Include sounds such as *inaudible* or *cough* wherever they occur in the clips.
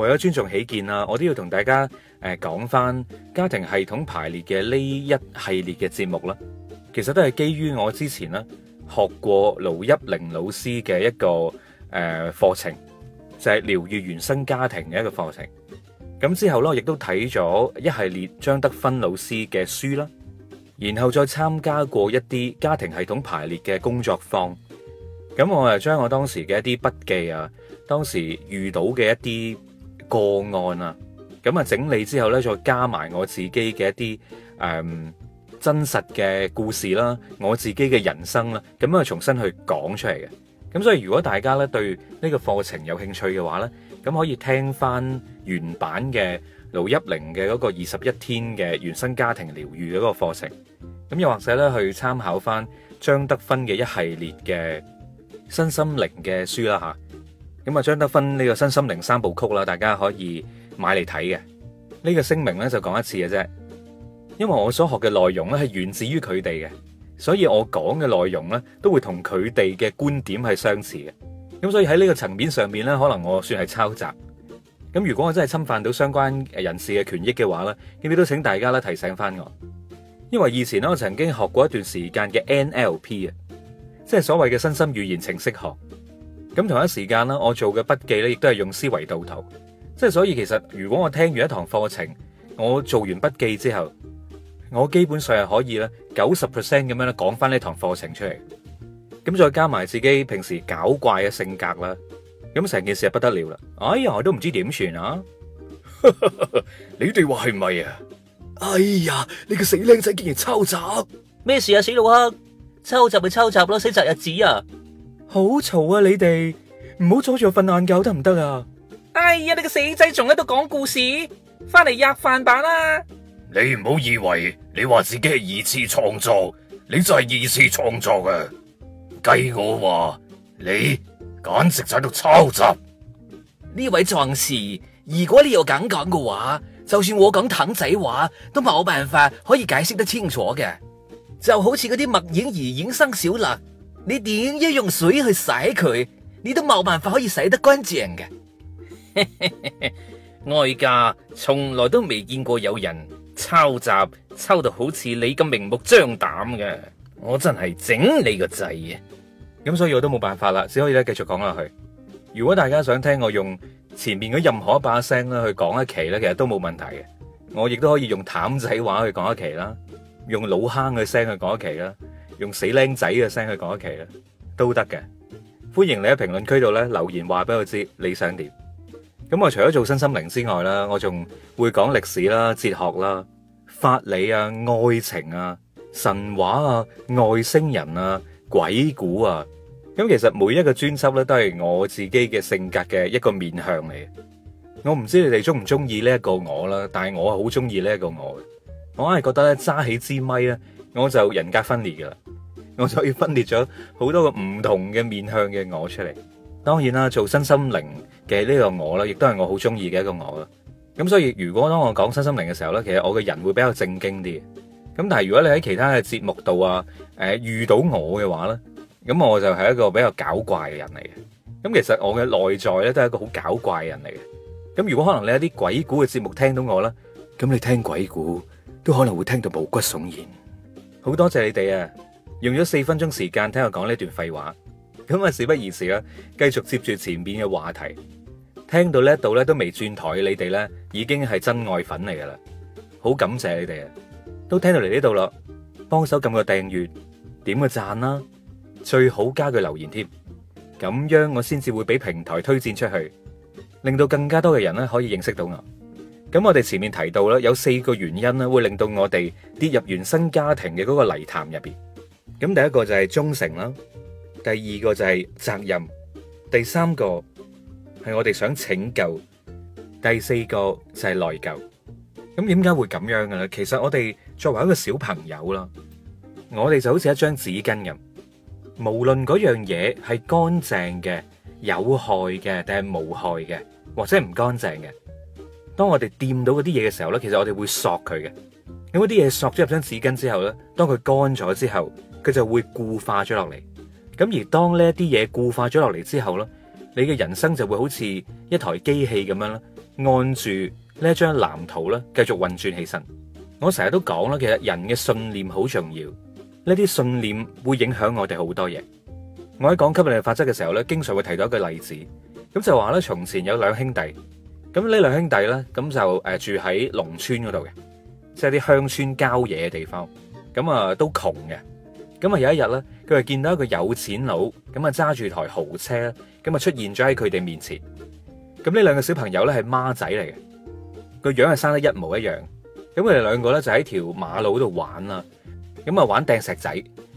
為咗尊重起見啦，我都要同大家誒講翻家庭系統排列嘅呢一系列嘅節目啦。其實都係基於我之前咧學過盧一玲老師嘅一個誒、呃、課程，就係療癒原生家庭嘅一個課程。咁之後咧，亦都睇咗一系列張德芬老師嘅書啦，然後再參加過一啲家庭系統排列嘅工作坊。咁我誒將我當時嘅一啲筆記啊，當時遇到嘅一啲個案啊，咁啊整理之後呢，再加埋我自己嘅一啲誒、呃、真實嘅故事啦，我自己嘅人生啦，咁啊重新去講出嚟嘅。咁所以如果大家呢對呢個課程有興趣嘅話呢，咁可以聽翻原版嘅盧一玲嘅嗰個二十一天嘅原生家庭療愈嗰個課程，咁又或者呢，去參考翻張德芬嘅一系列嘅身心靈嘅書啦吓。咁啊，張德芬呢個新心靈三部曲啦，大家可以買嚟睇嘅。呢個聲明咧就講一次嘅啫，因為我所學嘅內容咧係源自於佢哋嘅，所以我講嘅內容咧都會同佢哋嘅觀點係相似嘅。咁所以喺呢個層面上面咧，可能我算係抄襲。咁如果我真係侵犯到相關人士嘅權益嘅話咧，咁都請大家咧提醒翻我。因為以前咧我曾經學過一段時間嘅 NLP 啊，即係所謂嘅身心語言程式學。咁同一時間啦，我做嘅筆記咧，亦都係用思維導圖，即係所以其實如果我聽完一堂課程，我做完筆記之後，我基本上係可以咧，九十 percent 咁樣咧講翻呢一堂課程出嚟。咁再加埋自己平時搞怪嘅性格啦，咁成件事不得了啦！哎呀，我都唔知點算啊！你哋話係咪啊？哎呀，你個死靚仔竟然抄襲！咩事啊，死老黑！抄襲咪抄襲咯，死宅日子啊！好嘈啊！你哋唔好阻住我瞓晏覺得唔得啊！哎呀，你個死仔仲喺度講故事，翻嚟吔飯板啦！你唔好以為你話自己係二次創作，你就係二次創作啊！計我話你，簡直就喺度抄襲！呢位壯士，如果你又咁講嘅話，就算我講艇仔話都冇辦法可以解釋得清楚嘅，就好似嗰啲墨影兒影生小蘭。你點樣用水去洗佢，你都冇辦法可以洗得乾淨嘅。 *laughs* 哀家從來都未見過有人抄襲抄到好似你咁明目張膽嘅， *noise* *noise* 我真係整你個制啊！咁所以我都冇辦法啦，只可以咧繼續講落去。如果大家想聽我用前面嘅任何一把聲咧去講一期咧，其實都冇問題嘅。我亦都可以用譚仔話去講一期啦，用老坑嘅聲去講一期啦。用死僆仔嘅聲去講一期啦，都得嘅。歡迎你喺評論區度咧留言話俾我知你想點。咁我除咗做身心靈之外啦，我仲會講歷史啦、哲學啦、法理啊、愛情啊、神話啊、外星人啊、鬼故啊。咁其實每一個專輯咧都係我自己嘅性格嘅一個面向嚟嘅。我唔知你哋中唔中意呢一個我啦，但係我係好中意呢一個我嘅。我硬係覺得咧揸起支咪咧，我就人格分裂㗎啦。我就要分裂咗好多個唔同嘅面向嘅我出嚟。當然啦，做身心靈嘅呢個我啦，亦都係我好中意嘅一個我啦。咁所以，如果當我講身心靈嘅時候咧，其實我嘅人會比較正經啲。咁但係如果你喺其他嘅節目度啊，誒，遇到我嘅話咧，咁我就係一個比較搞怪嘅人嚟嘅。咁其實我嘅內在咧都係一個好搞怪嘅人嚟嘅。咁如果可能你喺啲鬼故嘅節目聽到我咧，咁你聽鬼故都可能會聽到毛骨悚然。好多謝你哋啊！用咗四分鐘時間聽我講呢段廢話，咁啊，事不宜遲啦，繼續接住前面嘅話題，聽到呢一度咧都未轉台你哋咧，已經係真愛粉嚟噶啦，好感謝你哋啊！都聽到嚟呢度咯，幫手撳個訂閱，點個讚啦，啊，最好加句留言添，咁樣我先至會俾平台推薦出去，令到更加多嘅人咧可以認識到我。咁我哋前面提到啦，有四個原因咧，會令到我哋跌入原生家庭嘅嗰個泥潭入邊。咁第一個就係忠誠啦，第二個就係責任，第三個係我哋想拯救，第四個就係內疚。咁點解會咁樣嘅咧？其實我哋作為一個小朋友啦，我哋就好似一張紙巾咁，無論嗰樣嘢係乾淨嘅、有害嘅，定係無害嘅，或者係唔乾淨嘅，當我哋掂到嗰啲嘢嘅時候咧，其實我哋會索佢嘅。咁嗰啲嘢索咗入張紙巾之後咧，當佢乾咗之後。佢就會固化咗落嚟，咁而當呢一啲嘢固化咗落嚟之後咧，你嘅人生就會好似一台機器咁樣啦，按住呢一張藍圖啦，繼續運轉起身。我成日都講啦，其實人嘅信念好重要，呢啲信念會影響我哋好多嘢。我喺講吸引力法則嘅時候咧，經常會提到一個例子，咁就話咧，從前有兩兄弟，咁呢兩兄弟咧，咁就誒住喺農村嗰度嘅，即係啲鄉村郊野嘅地方，咁啊都窮嘅。咁啊有一日咧，佢就見到一個有錢佬，咁啊揸住台豪車咧，咁啊出現咗喺佢哋面前。咁呢兩個小朋友咧係孖仔嚟嘅，個樣係生得一模一樣。咁佢哋兩個咧就喺條馬路度玩啦，咁啊玩掟石仔。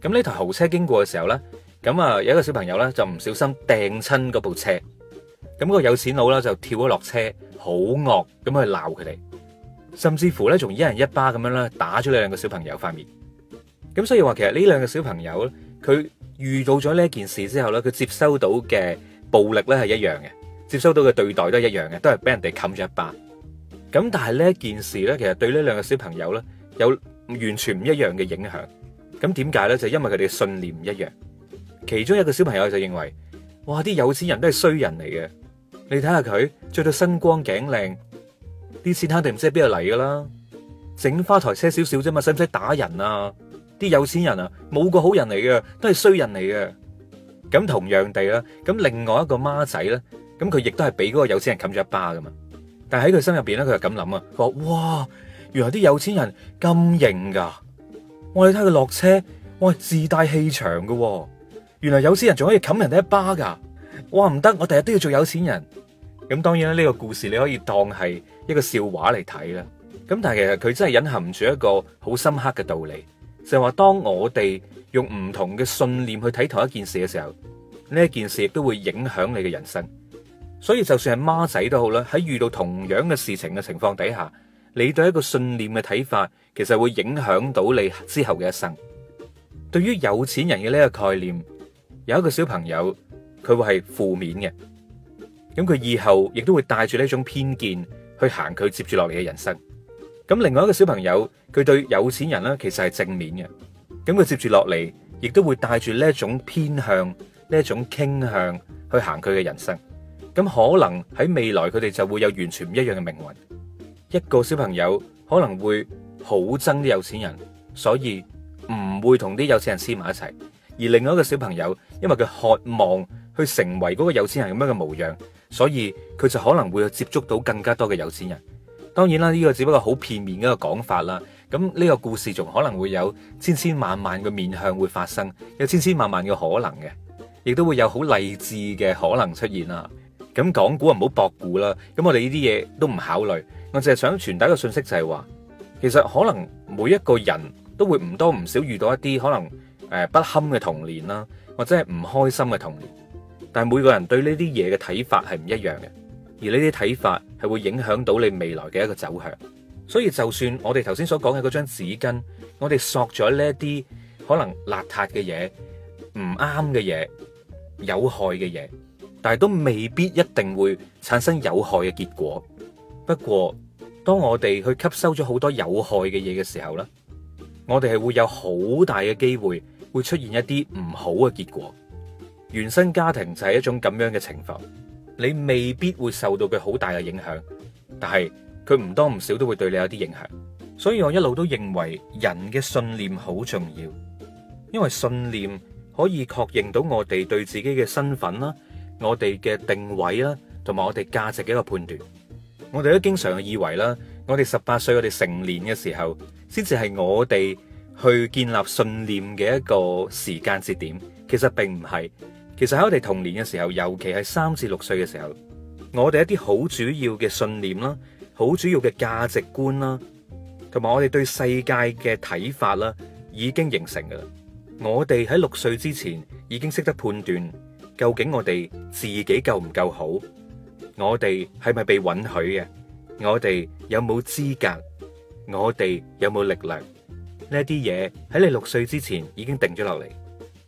咁呢台豪車經過嘅時候咧，咁啊有一個小朋友咧就唔小心掟親嗰部車。咁個有錢佬咧就跳咗落車，好惡咁去鬧佢哋，甚至乎咧仲一人一巴咁樣咧打咗你兩個小朋友塊面。咁所以話其實呢兩個小朋友咧，佢遇到咗呢一件事之後咧，佢接收到嘅暴力咧係一樣嘅，接收到嘅對待都係一樣嘅，都係俾人哋冚咗一巴。咁但係呢一件事咧，其實對呢兩個小朋友咧有完全唔一樣嘅影響。咁點解咧？就因為佢哋信念唔一樣。其中一個小朋友就認為，哇！啲有錢人都係衰人嚟嘅。你睇下佢着到身光頸靚，啲錢肯定唔知係邊度嚟噶啦，整花台車少少啫嘛，使唔使打人啊？啲有錢人啊，冇個好人嚟嘅，都係衰人嚟嘅。咁同樣地啦，咁另外一個孖仔咧，咁佢亦都係俾嗰個有錢人冚咗一巴噶嘛。但係喺佢心入邊咧，佢就咁諗啊，佢話哇，原來啲有錢人咁型噶。我哋睇佢落車，哇，自帶氣場嘅，哦。原來有錢人仲可以冚人哋一巴噶。哇，唔得，我第日都要做有錢人。咁當然啦，呢、這個故事你可以當係一個笑話嚟睇啦。咁但係其實佢真係隱含住一個好深刻嘅道理。就係話當我哋用唔同嘅信念去睇同一件事嘅時候，呢一件事亦都會影響你嘅人生。所以就算係孖仔都好啦，喺遇到同樣嘅事情嘅情況底下，你對一個信念嘅睇法，其實會影響到你之後嘅一生。對於有錢人嘅呢個概念，有一個小朋友，佢會係負面嘅，咁佢以後亦都會帶住呢種偏見去行佢接住落嚟嘅人生。咁另外一個小朋友，佢對有錢人咧，其實係正面嘅。咁佢接住落嚟，亦都會帶住呢一種偏向、呢一種傾向去行佢嘅人生。咁可能喺未來，佢哋就會有完全唔一樣嘅命運。一個小朋友可能會好憎啲有錢人，所以唔會同啲有錢人黐埋一齊。而另外一個小朋友，因為佢渴望去成為嗰個有錢人咁樣嘅模樣，所以佢就可能會去接觸到更加多嘅有錢人。當然啦，呢個只不過好片面嘅一個講法啦。咁呢個故事仲可能會有千千萬萬嘅面向會發生，有千千萬萬嘅可能嘅，亦都會有好勵志嘅可能出現啦。咁講古啊，唔好博古啦。咁我哋呢啲嘢都唔考慮，我淨係想傳達一個信息就係話，其實可能每一個人都會唔多唔少遇到一啲可能誒不堪嘅童年啦，或者係唔開心嘅童年。但係每個人對呢啲嘢嘅睇法係唔一樣嘅，而呢啲睇法，係會影響到你未來嘅一個走向，所以就算我哋頭先所講嘅嗰張紙巾，我哋索咗呢一啲可能邋遢嘅嘢，唔啱嘅嘢，有害嘅嘢，但係都未必一定會產生有害嘅結果。不過當我哋去吸收咗好多有害嘅嘢嘅時候咧，我哋係會有好大嘅機會會出現一啲唔好嘅結果。原生家庭就係一種咁樣嘅情況。你未必會受到佢好大嘅影響，但係佢唔多唔少都會對你有啲影響，所以我一路都認為人嘅信念好重要，因為信念可以確認到我哋對自己嘅身份啦、我哋嘅定位啦，同埋我哋價值嘅一個判斷。我哋都經常以為啦，我哋十八歲、我哋成年嘅時候，先至係我哋去建立信念嘅一個時間節點，其實並唔係。其實喺我哋童年嘅時候，尤其係三至六歲嘅時候，我哋一啲好主要嘅信念啦，好主要嘅價值觀啦，同埋我哋對世界嘅睇法啦，已經形成㗎喇。我哋喺六歲之前已經識得判斷，究竟我哋自己夠唔夠好，我哋係咪被允許嘅，我哋有冇資格，我哋有冇力量。呢啲嘢喺你六歲之前已經定咗落嚟。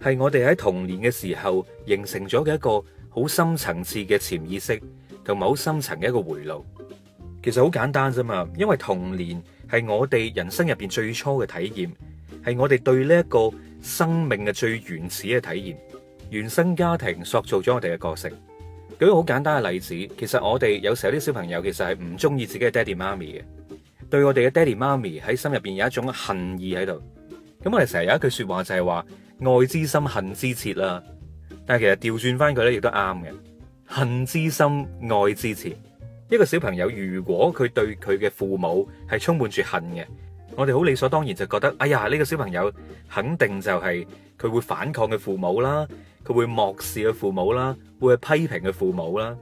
係我哋喺童年嘅時候形成咗嘅一個好深層次嘅潛意識同埋好深層嘅一個回路。其實好簡單啫嘛，因為童年係我哋人生入邊最初嘅體驗，係我哋對呢一個生命嘅最原始嘅體驗。原生家庭塑造咗我哋嘅個性。舉個好簡單嘅例子，其實我哋有時候啲小朋友其實係唔中意自己嘅爹哋媽咪嘅，對我哋嘅爹哋媽咪喺心入邊有一種恨意喺度。咁我哋成日有一句說話就係話。愛之深，恨之切啦。但係其實調轉翻佢咧，亦都啱嘅。恨之深，愛之切。一個小朋友如果佢對佢嘅父母係充滿住恨嘅，我哋好理所當然就覺得，哎呀，呢個小朋友肯定就係佢會反抗嘅父母啦，佢會漠視嘅父母啦，會去批評嘅父母啦。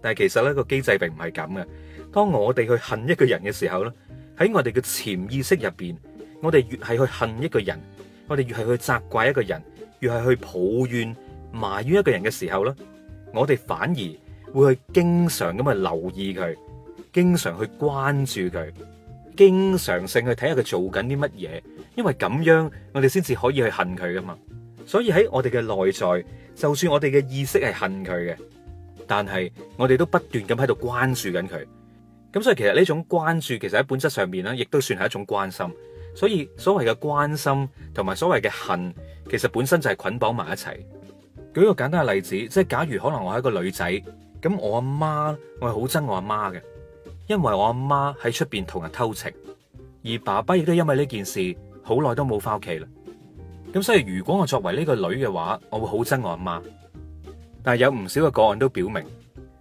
但係其實咧個機制並唔係咁嘅。當我哋去恨一個人嘅時候咧，喺我哋嘅潛意識入邊，我哋越係去恨一個人。我哋越係去責怪一個人，越係去抱怨埋怨一個人嘅時候咧，我哋反而會去經常咁去留意佢，經常去關注佢，經常性去睇下佢做緊啲乜嘢，因為咁樣我哋先至可以去恨佢噶嘛。所以喺我哋嘅內在，就算我哋嘅意識係恨佢嘅，但係我哋都不斷咁喺度關注緊佢。咁所以其實呢種關注，其實喺本質上面咧，亦都算係一種關心。所以所謂嘅關心同埋所謂嘅恨，其實本身就係捆綁埋一齊。舉個簡單嘅例子，即係假如可能我係一個女仔，咁我阿媽我係好憎我阿媽嘅，因為我阿媽喺出邊同人偷情，而爸爸亦都因為呢件事好耐都冇返屋企啦。咁所以如果我作為呢個女嘅話，我會好憎我阿媽。但係有唔少嘅個、個案都表明，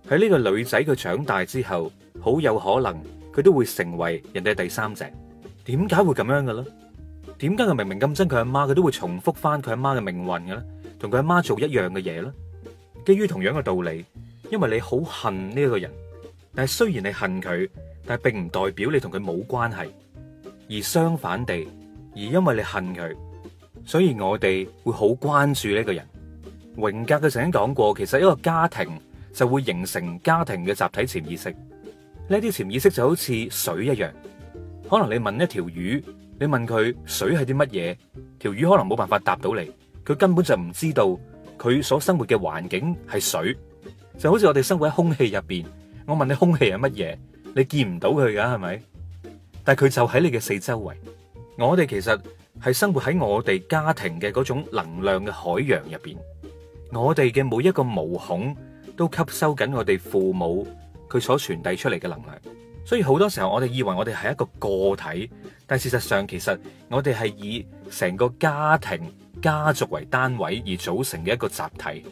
喺呢個女仔佢長大之後，好有可能佢都會成為人哋嘅第三者。點解會咁樣嘅咧？點解佢明明咁憎佢阿媽，佢都會重複翻佢阿媽嘅命運嘅咧？同佢阿媽做一樣嘅嘢咧？基於同樣嘅道理，因為你好恨呢一個人，但係雖然你恨佢，但係並唔代表你同佢冇關係，而相反地，而因為你恨佢，所以我哋會好關注呢個人。榮格佢曾經講過，其實一個家庭就會形成家庭嘅集體潛意識，呢啲潛意識就好似水一樣。可能你問一條魚，你問佢水係啲乜嘢？條魚可能冇辦法答到你，佢根本就唔知道佢所生活嘅環境係水，就好似我哋生活喺空氣入邊，我問你空氣係乜嘢，你見唔到佢噶係咪？但係佢就喺你嘅四周圍。我哋其實係生活喺我哋家庭嘅嗰種能量嘅海洋入邊，我哋嘅每一個毛孔都吸收緊我哋父母佢所傳遞出嚟嘅能量。所以好多時候我哋以為我哋係一個個體，但事實上其實我哋係以成個家庭、家族為單位而組成嘅一個集體。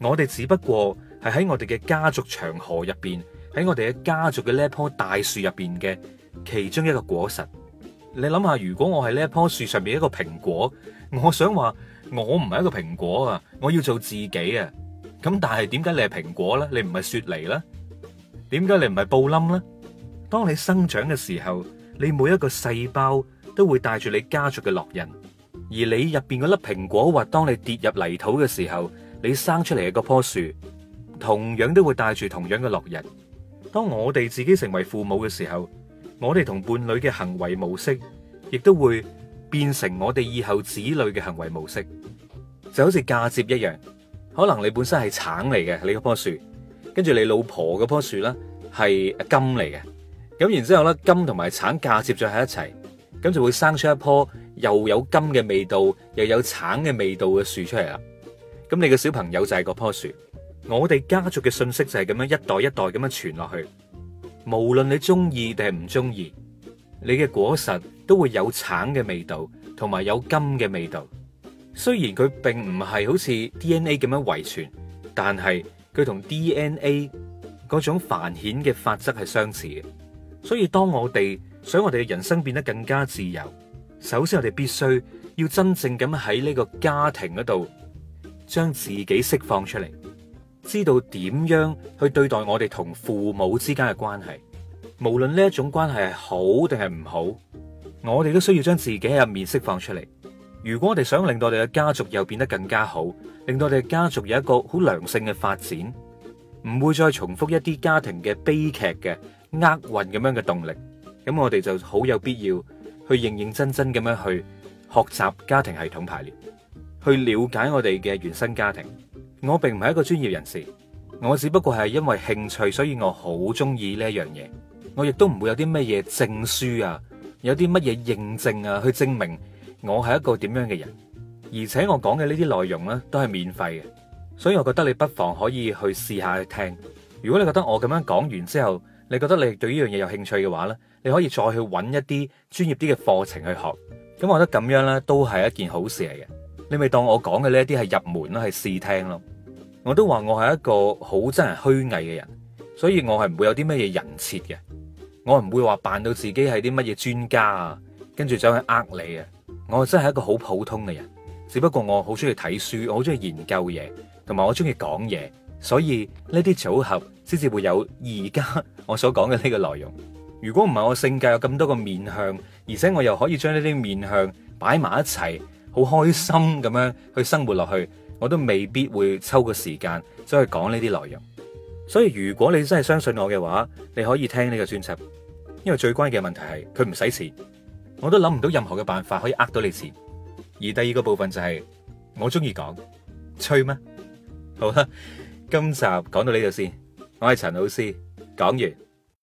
我哋只不過係喺我哋嘅家族長河入邊，喺我哋嘅家族嘅呢一棵大樹入邊嘅其中一個果實。你諗下，如果我係呢一棵樹上面一個蘋果，我想話我唔係一個蘋果啊，我要做自己啊。咁但係點解你係蘋果呢？你唔係雪梨呢？點解你唔係布冧呢？當你生長嘅時候，你每一個細胞都會帶住你家族嘅烙印；而你入邊嗰粒蘋果或當你跌入泥土嘅時候，你生出嚟嘅嗰棵樹同樣都會帶住同樣嘅烙印。當我哋自己成為父母嘅時候，我哋同伴侶嘅行為模式，亦都會變成我哋以後子女嘅行為模式，就好似嫁接一樣。可能你本身係橙嚟嘅，你嗰棵樹，跟住你老婆嗰棵樹咧係金嚟嘅。咁然之後咧，金同埋橙嫁接咗喺一齊，咁就會生出一棵又有金嘅味道，又有橙嘅味道嘅樹出嚟啦。咁你嘅小朋友就係嗰棵樹，我哋家族嘅信息就係咁樣一代一代咁樣傳落去。無論你中意定係唔中意，你嘅果實都會有橙嘅味道同埋有金嘅味道。雖然佢並唔係好似 DNA 咁樣遺傳，但係佢同 DNA 嗰種繁衍嘅法則係相似嘅。所以，當我哋想我哋嘅人生變得更加自由，首先我哋必須要真正咁喺呢個家庭嗰度，將自己釋放出嚟，知道點樣去對待我哋同父母之間嘅關係。無論呢一種關係係好定係唔好，我哋都需要將自己喺入面釋放出嚟。如果我哋想令到我哋嘅家族又變得更加好，令到我哋嘅家族有一個好良性嘅發展，唔會再重複一啲家庭嘅悲劇嘅。厄運咁樣嘅動力，咁我哋就好有必要去認認真真咁樣去學習家庭系統排列，去了解我哋嘅原生家庭。我並唔係一個專業人士，我只不過係因為興趣，所以我好中意呢樣嘢。我亦都唔會有啲乜嘢證書啊，有啲乜嘢認證啊，去證明我係一個點樣嘅人。而且我講嘅呢啲內容呢，都係免費嘅，所以我覺得你不妨可以去試下去聽。如果你覺得我咁樣講完之後，你覺得你對呢樣嘢有興趣嘅話咧，你可以再去揾一啲專業啲嘅課程去學。咁我覺得咁樣咧都係一件好事嚟嘅。你咪當我講嘅呢一啲係入門咯，係試聽咯。我都話我係一個好真係虛偽嘅人，所以我係唔會有啲乜嘢人設嘅。我唔會話扮到自己係啲乜嘢專家啊，跟住走去呃你啊。我真係一個好普通嘅人，只不過我好中意睇書，我好中意研究嘢，同埋我中意講嘢，所以呢啲組合。先至會有而家我所講嘅呢個內容。如果唔係我性格有咁多個面向，而且我又可以將呢啲面向擺埋一齊，好開心咁樣去生活落去，我都未必會抽個時間走去講呢啲內容。所以如果你真係相信我嘅話，你可以聽呢個專輯，因為最關鍵嘅問題係佢唔使錢，我都諗唔到任何嘅辦法可以呃到你錢。而第二個部分就係我中意講，吹咩？好啦，今集講到呢度先。我係陳老師，講完。